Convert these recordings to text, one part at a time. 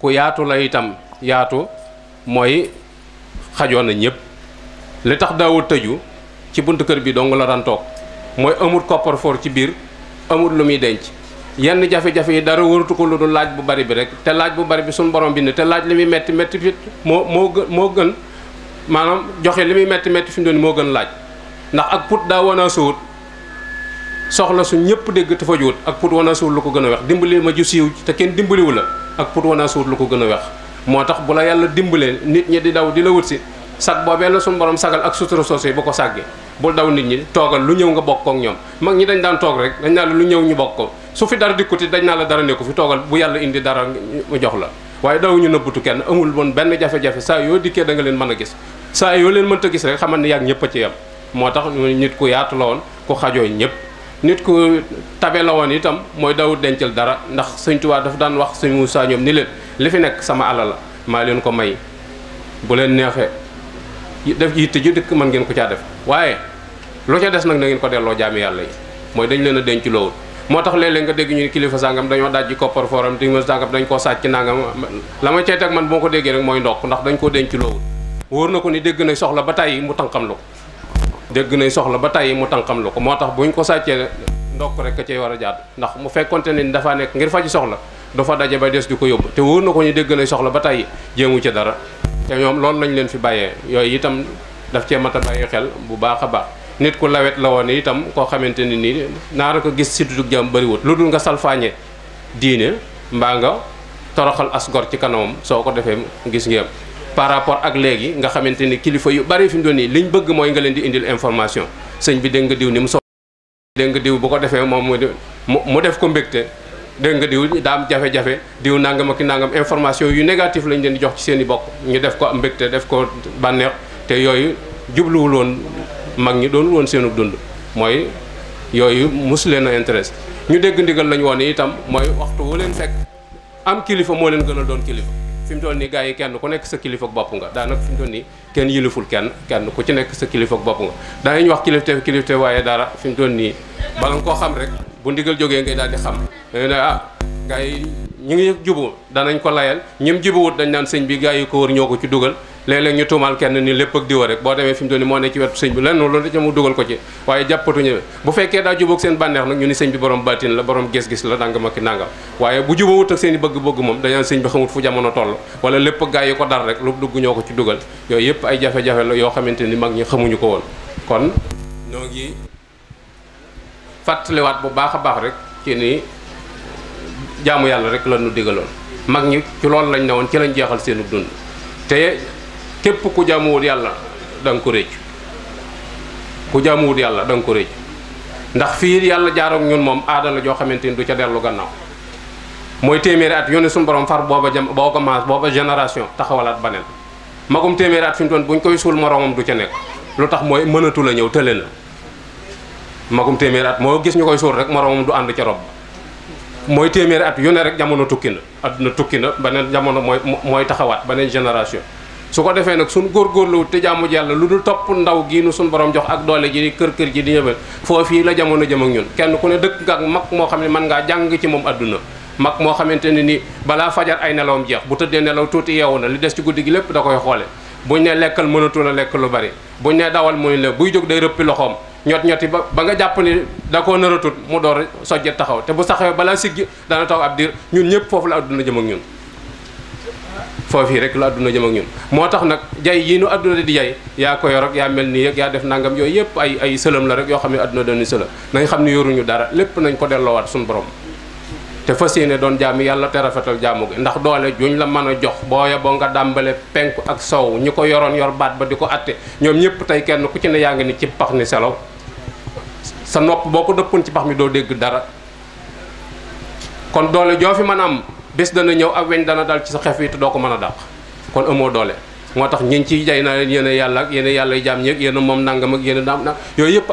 ku yaatu la itam yaatu mooy xajoon na ñëpp li tax daawul tëju ci buntu kër bi dong la daan mooy amul coffre-fort ci biir amul lu muy denc yenn jafe-jafe yi dara waratu ko lu dul laaj bu bari bi rek te laaj bu bari bi suñu borom bi bind te laaj li muy metti metti fit moo moo moo gën maanaam joxe li muy metti metti fi mu doon moo gën laaj ndax ak put daa wan a soxla su ñëpp dégg te fa juut ak put wana suur lu ko gën a wex dimbali ma ju siiw te kenn dimbaliwu la ak put wana suur lu ko gën a wex moo tax bu la yàlla dimbalee nit ñi di daw di la wut si sag boobee la suñu borom sagal ak sutura soose yi ba ko sàggee bul daw nit ñi toogal lu ñëw nga bokk ak ñoom mag ñi dañ daan toog rek dañ naa la lu ñëw ñu bokk ko su fi dara dikkuti dañ naa la dara nekku fi toogal bu yàlla indi dara mu jox la waaye daw ñu nëbbutu kenn amul woon benn jafe saa yoo dikkee da nga leen mën a gis saa yoo leen mënta gis rek xamal ne yàgg ñëpp a ci yem moo tax nit ku yaatu la woon ku ñëpp nit ku tabe la woon itam mooy dawut dencal dara ndax sëñ Tuubaa dafa daan wax sëñ Muusaa ñoom ni leen li fi nekk sama alal la maa leen ko may bu leen neexee def yitte ju dëkk mën ngeen ko caa def waaye lu ca des nag na ngeen ko delloo jaami yàlla yi mooy dañ leen a denc loowul moo tax léeg-léeg nga dégg ñu ni kilifa sàngam dañoo dajji koppar forum di ma sàngam dañ koo sàcc nangam la ma cey teg man boo ko déggee rek mooy ndokk ndax dañ koo denc loowul wóor ko ni dégg na soxla ba tàyyi mu tànqam lu dégg nañ soxla ba tay mu tankam lako motax buñ ko saccé ndok rek ka war wara jaat ndax mu fekkonté ni dafa nek ngir faji soxla fa dajé ba dess di yob té te nako ñu dégg nañ soxla ba tay jëmu ci dara té ñom loolu lañ leen fi bàyyee yooyu itam daf ci mata bayé xel bu baaxa a baax nit ku lawet la itam ko ni naara ko gis nga diine mba nga toroxal asgor ci kanam soko gis ngeen par rapport ak léegi nga xamanteni ni kilifa yu bari fi mu liñ bëgg moy nga leen di indil information señ bi dégg diiw ni mu so dégg diiw bu ko defé mu def ko mbégte dégg nga daam jafe-jafe diiw nangam ak nangam information yu négatif lañ leen di jox ci seeni bokk ñu def ko mbekté def ko banner, te yooyu jublu woon mag ñi doon woon seenu dund moy yooyu mus leen a intéresse ñu dégg ndigal lañ woon itam moy waxtu wu leen fekk am kilifa mo leen gëna doon kilifa fi mu toll nii gars yi kenn ku nekk sa kilifa bopp nga daanaka fi mu toll nii kenn yiliful kenn kenn ku ci nekk sa kilifa bopp nga daanañu wax kilifte kilifte waaye dara fi mu toll nii bala nga koo xam rek bu ndigal jógee ngay daal di xam ne ah gars yi ñu ngi jubu danañ ko layal ñim jibuwut dañ daan sëñ bi gars yi ko war ñoo ko ci dugal léeg-léeg ñu tumal kenn ni lepp ak diwa rek bo demee fi doni mo moo ne ci wettu señ bi lenn loolu da mu dugal ko ci waye jappatu ñu bu da jubo ak seen banex nak ñu ni señ bi borom batine la borom ges ges la nangam ak nangam waye bu wut ak seen bëgg-bëgg mom dañaan señ bi xamut fu jamono toll wala lepp gaay yi ko dar rek lu dugg ñoko ci dugal yoy yep ay jafe-jafe la yoo xamante ni mag ñi xamuñu ko won kon ñogi fatali wat bu baaxa baax rek ci ni jaamu yalla rek la ñu digaloon mag ñi ci loolu lañ neewon ci lañ jéxal seenu dund te kep ku jaamuwul yalla da ko réccu ku jaamuwul yalla da ko réccu ndax fii yalla jaar ak ñun mom aada la joo xamante du ca delu gannaaw moy téméré at yónni sun borom far boba jam boko mass boba génération taxawalat baneen magum téméré at fim ton buñ koy sul moromam du ca nek lutax moy mooy la ñew tële na magum téméré at mo gis ñukoy sul rek moromam du and ca rob moy téméré at yone rek jamono tukina aduna tukina banen jamono moy moy taxawat banen génération su ko defee nag suñ góorgóorlu te jaamu yàlla lu dul topp ndaw gi nu suñ borom jox ak doole ji kër kër ji di ñëwal foofii la jamono jëm ak ñun kenn ku ne dëkk nga ak mag moo xam ne mën ngaa jàng ci moom adduna mag moo xamante ne ni balaa fajar ay nelawam jeex bu tëddee nelaw tuuti yeewu na li des ci guddi gi da koy xoole buñ ne lekkal mënatul a lekk lu bari buñ ne dawal mooy la buy jóg day rëppi loxoom ñot ñoti ba ba nga jàpp ni da koo nar a tut mu taxaw te bu saxee balaa siggi dana taw ab diir ñun ñëpp foofu la adduna jëm ak ñun foofii rek la adduna jëm ak ñun moo tax nag jay yii nu adduna di jay yaa ko yor yaa mel nii ak yaa def nangam yooyu yëpp ay ay sëlëm la rek yoo xam ne adduna dañuy sëlëm nañ xam ne yoruñu dara lépp nañ ko delloowaat suñu borom te fas yéene doon jaami yàlla te rafetal jaamu bi ndax doole juñ la mën a jox booya boo nga dàmbale penku ak sow ñu ko yoroon yor baat ba di ko atte ñoom ñëpp tey kenn ku ci ne yaa ngi ni ci pax ni selaw sa nopp boo ko dëppoon ci pax mi doo dégg dara bés dana ñëw ak weñ dana dal ci sa xef yi te doo ko mën a dàq kon amoo doole moo tax ñun ciy jaay naa leen yéen a yàlla ak yéen a yàlla jaam ñeeg moom nangam ak yéen a naam nag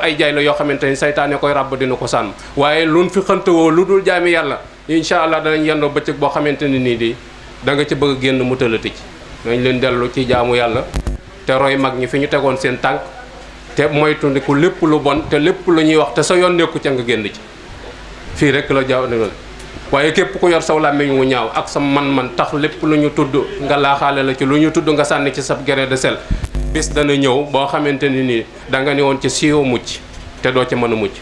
ay jay yoo xamante ni saytaane koy ràbb dina ko sànn waaye luñ fi xëntawoo lu dul jaami yàlla incha allah danañ yendoo bëccëg boo xamante ni nii di danga ci bëgg a génn mu tëlati ci nañ leen dellu ci jaamu yàlla te roy mag ñi fi ñu tegoon seen tànk te moytundiku lépp lu bon te lépp lu ñuy wax te sa yoon nekku ca nga génn ci fii rek la jaaw waye kep ku yor saw làmmiñ wu ñaaw ak sa man-man tax lepp lu ñu tudd nga laaxaale la ci lu tudd nga sanni ci sab géré de sel bis dana ñëw bo xamanteni ni da nga ne woon ci siiw mucc te do ci mëna mucc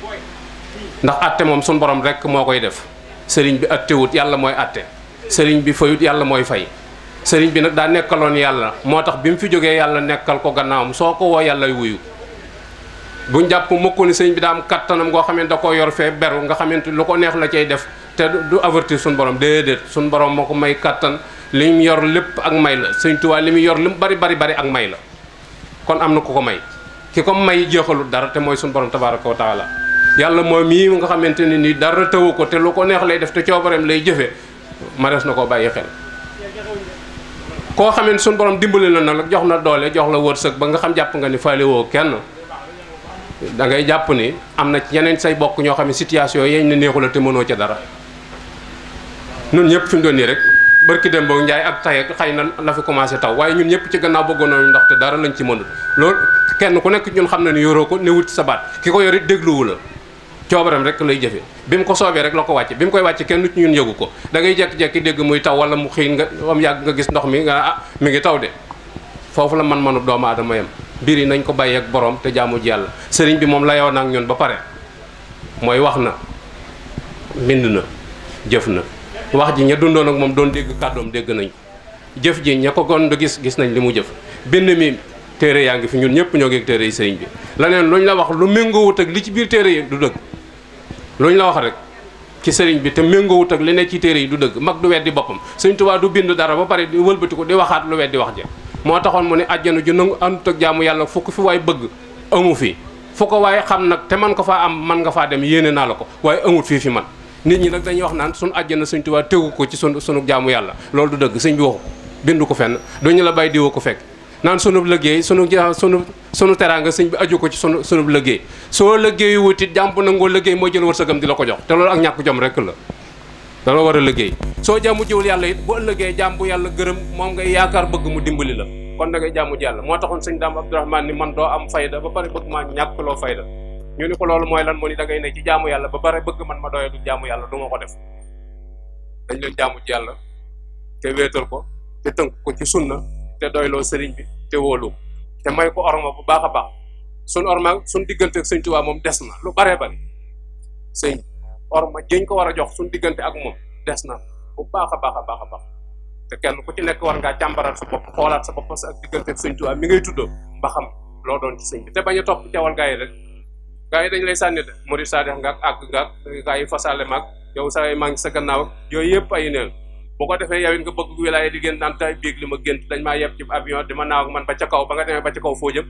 ndax atté mom sun borom rek mo koy def sëriñ bi wut yalla moy atté sëriñ bi fayut yalla moy fay sëriñ bi nak da nekkalon yalla motax bimu fi joggé yalla nekkal ko gannaam soko wo yalla wuyu buñ japp mukk ni sëriñ bi da am katanam go xamanteni da ko yor beru nga xamanteni lu neex la cey def te du avertir suñu borom déedéet suñu borom moo ko may kàttan li mu yor lépp ak may la Sëñ Tuubaa li muy yor li bari bari bari ak may la kon am na ku ko may ki ko may jeexalu dara te mooy suñu borom tabaaraka wa taala yàlla moom mii nga xamante ne nii dara tawu ko te lu ko neex lay def te coobareem lay jëfee ma des na koo bàyyi xel koo xamante suñu borom dimbali la nag jox na doole jox la wërsëg ba nga xam jàpp nga ni faale woo kenn da ngay jàpp ni am na yeneen say bokk ñoo xam ne situation yeñ ne neexu te mënoo ca dara ñun ñëpp fi mu doon nii rek barki dem boog njaay ak tay xëy na la fi commencé taw waaye ñun ñëpp ci gannaaw bëggoon nañu ndox te dara lañ ci mënul loolu kenn ku nekk ñun xam na ne yoroo ko ne wut sa baat ki ko yore dégluwu la coobaram rek lay jëfe bi mu ko soobee rek la ko wàcce bi mu koy wàcce kenn ci ñun yëgu ko dangay ngay jekki-jekki dégg muy taw wala mu xiin nga am yàgg nga gis ndox mi nga ah mi ngi taw de foofu la man-manu doomu aadama yam yi nañ ko bàyyi borom te jaamu ji yàlla bi moom layoon ak ñun ba pare wax na bind na na wax ji ña dundoon ak moom doon dégg kàddoom dégg nañ jëf ji ña ko gon gis gis nañ li mu jëf bind mi téere yaa ngi fi ñun ñëpp ñoo ngi ak téere yi sëriñ bi leneen luñ la wax lu méngoowut ak li ci biir téere yi du dëgg luñ la wax rek ci sëriñ bi te méngoowut ak li ne ci téere yi du dëgg mag du weddi boppam Sëriñ Tuubaa du bind dara ba pare di wëlbatiku di waxaat lu weddi wax ja moo taxoon mu ne àjjana ju nangu am ak jaamu yàlla fukk fi waay bëgg amu fi fu ko waaye xam nag te man ko faa am man nga faa dem yéene naa la ko waaye amut fii fi man nit ñi nag dañuy wax naan suñu àjjana Sëñ Tuubaa tegu ko ci sunu sunu jaamu yàlla loolu du dëgg sëñ bi waxu bindu ko fenn duñu la bàyyi diwoo ko fekk naan sunu liggéey sunu sunu sunu teraanga sëñ bi aju ko ci sunu sunu liggéey soo liggéeyu wutit jàmp nangoo liggéey moo jël sa wërsëgam di la ko jox te loolu ak ñàkk jom rekk la dala war a liggéey soo jàmmu jiwul yàlla it boo liggéey jàmbu yàlla gërëm moom ngay yaakaar bëgg mu dimbali la kon da ngay jàmmu ji moo taxoon sëñ daam Abdourahmane ni man doo am fayda ba pare bëgg maa ñàkk loo fayda ñu ni ko loolu mooy lan mo ni da ngay ne ci jaamu yàlla ba bare bëgg man ma du jaamu yàlla du ma ko def dañ leen jaamu ci yàlla te wéetal ko te tënk ko ci sunna te doyloo sëriñ bi te wóolu te may ko orma bu baax a baax sun orma sun diggante ak sëñ tubaa moom des na lu bare bare sëñ orma jëñ ko war a jox sun diggante ak moom des na bu baax a baax a baax a baax te kenn ku ci nekk war ngaa càmbaraat sa bopp xoolaat sa bopp sa ak diggante ak sëñ tubaa mi ngay tuddoo ba xam loo doon ci sëñ bi te bañ a topp jawal gaa yi rek gaay dañ lay sànni de murid saadix nga ak nga gaay fasale mag yow sa e mang sa gannaaw yooyu yëpp ay neel bu ko defee yawin nga bëgg wilaya di gën naan tay biig li ma gënt dañ maa yeb ci avion di ma naaw man ba ca kaw ba nga demee ba ca kaw foo jëm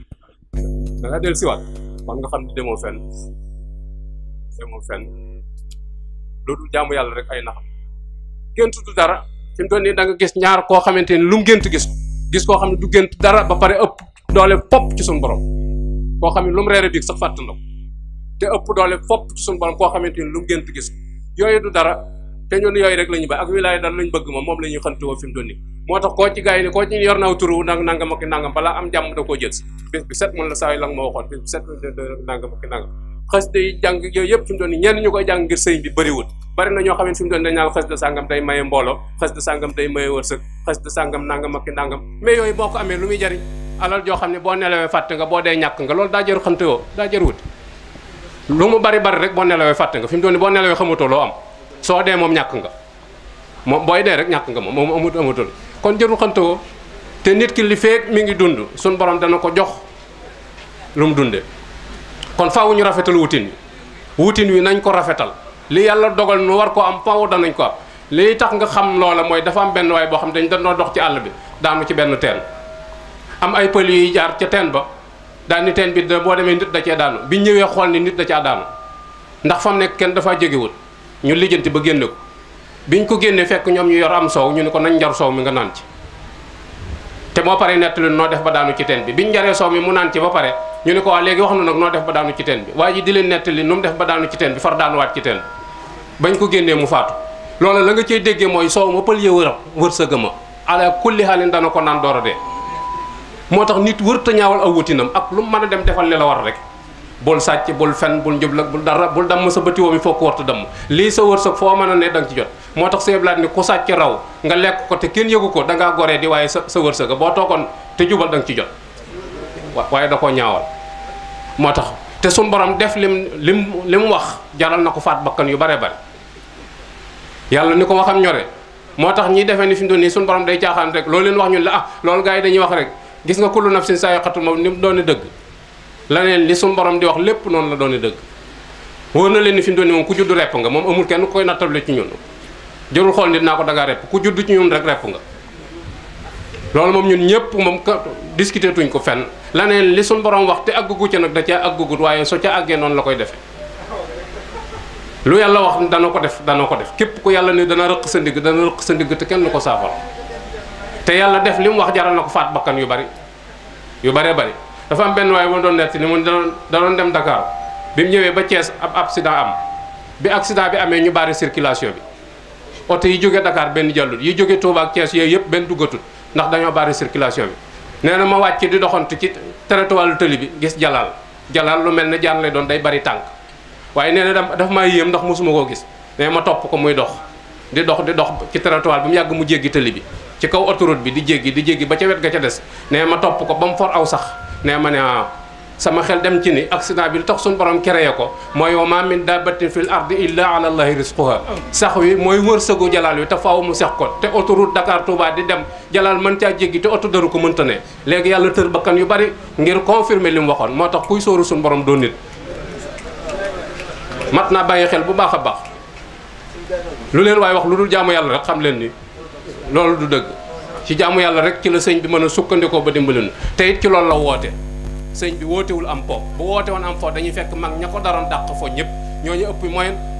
da nga del siwaat kon nga xam ne demoo fenn demoo fenn loolu jaamu yàlla rek ay naxam gënt dara fi mu doon da nga gis ñaar koo xamante ni lu mu gënt gis gis koo xam ne du dara ba pare ëpp doole pop ci sun borom koo xam ne lu mu reere biig sax te ëpp doole fopp ci suñu koo xamante ni lu mu gént gis yooyu du dara te ñun yooyu rek la ñu ba ak wilaaya dara lañu bëgg moom moom la ñuy xantewoo fi mu doon nii moo tax koo ci gars yi ni koo ci yor am jàmm da koo jël si bis bi set mën la saa yi la nga yooyu yëpp fi mu doon ñu koy jàng ngir sëñ bi bëriwul bari na ñoo xam ne fi mu doon dañ naan xasida sàngam day maye mbooloo xasida sàngam day maye wërsëg xasida sàngam nangam ak nangam mais yooyu boo ko amee lu muy jariñ alal joo xam ne boo nelawee fàtte nga boo dee ñàkk nga loolu daa jëru xantewoo daa jëru lu mu bari bari rek boo nelawee fàtte nga fim mu toll nii boo nelawee xamatoo loo am soo dee moom ñàkk nga moom booy dee rek ñàkk nga moom moom amut amatul kon jëru xantoo te nit ki li feeg mi ngi dund suñ borom dana ko jox lu mu dundee kon faaw rafetal wutin wi wutin wi nañ ko rafetal li yàlla dogal nu war ko am faaw danañ ko am lii tax nga xam loola mooy dafa am benn waay boo xam dañ dañoo dox ci àll bi daanu ci benn teel am ay pël yuy jaar ca teen ba daal ni teen bi da boo demee nit da cee daanu bi ñëwee xool ni nit da caa daanu ndax fa mu nekk kenn dafaa jógewut ñu lijjanti ba génne ko ñu ko génnee fekk ñoom ñu yor am soow ñu ne ko nañ njar soow mi nga naan ci te moo paree nettali noo def ba daanu ci teen bi ñu njaree soow mi mu naan ci ba pare ñu ne ko waa léegi wax na nag noo def ba daanu ci teen bi waa ji di leen nettali nu mu def ba daanu ci teen bi far daanuwaat ci teen bi bañ ko génnee mu faatu loola la nga cey déggee mooy soow ma pël ya wër wërsëga ma ala kulli xaalin dana ko naan door a moo tax nit wërta ñaawal aw wutinam ak lu mu mën a dem defal li la war rek bul sàcc bul fen bul njublag bul dara bul damm sa bëti bi foo ko warta damm lii sa wërsëg foo mën a ne danga ci jot moo tax seeblaat ni ku sàcc raw nga lekk ko te kenn yëgu ko da ngaa di waaye sa sa boo toogoon te jubal da ci jot waaye da koo moo tax te suñu borom def li mu li mu wax jaral na ko faat bakkan yu bare bare yàlla ni ko waxam ñore moo tax ñiy defee ni fi mu doon nii suñu borom day caaxaan rek loolu leen wax ñun la ah loolu gars yi dañuy wax rek gis nga kullu nafsin saayiqatul mawt ni mu doone dëgg laneen li suñu borom di wax lépp noonu la doone dëgg wóor na leen ni fi mu doon moom ku judd repp nga moom amul kenn koy nattable ci ñun jërul xool nit naa ko dagaa repp ku judd ci ñun rek repp nga loolu moom ñun ñëpp moom discuter tuñ ko fenn laneen li suñu borom wax te àggugu ca nag da caa àggugut waaye soo ca àggee noonu la koy defee lu yàlla wax dana ko def dana ko def képp ku yàlla ni dana rëq sa ndigg dana rëq sa ndigg te kenn du ko saafara te yalla def lim wax jaral nako fat bakkan yu bari yu baree bari dafa am ben way bu don net ni mu da doon dem Dakar bim ñewé ba ties ab accident am bi accident bi amé ñu bari circulation bi auto yi joggé Dakar ben jàllut yi joggé Touba ak ties yoy yep ben duggatul ndax dañu bari circulation bi néna ma wacc di doxantu ci territoire teli bi gis jalal jalal lu melni ne jaan lay don day bari tank waye néna na dafa yem yéem ndax musuma ko gis né ma top ko muy dox di dox di dox ci territoire bi mu yag mu jéggi teli bi ci kaw autoroute bi di jéggi di jéggi ba ca wet ga ca dess né ma top ko bam for aw sax né ma né ah, sama xel dem ci ni accident bi lu tax suñu borom créé ko moy wa ma min dabatin fil ardi illa ala allah risquha sax wi moy wërsëgu jalal wi te mu sax ko te autoroute Dakar Touba di dem jalal man ca jéggi te auto daru ko mën tané légui yalla teur bakkan yu bari ngir confirmer lim waxon motax kuy soru sun borom do nit matna baye xel bu baakha bax lu len way wax lu dul jaamu yalla rek xam len ni loolu du dëgg ci jaamu yàlla rek ci la sëñ bi mën a sukkandikoo ba dimbalinu te it ci loolu la woote sëñ bi wootewul am po bu woote woon am po dañuy fekk mag ña ko daroon dàq fo ñëpp ñu ëpp moyen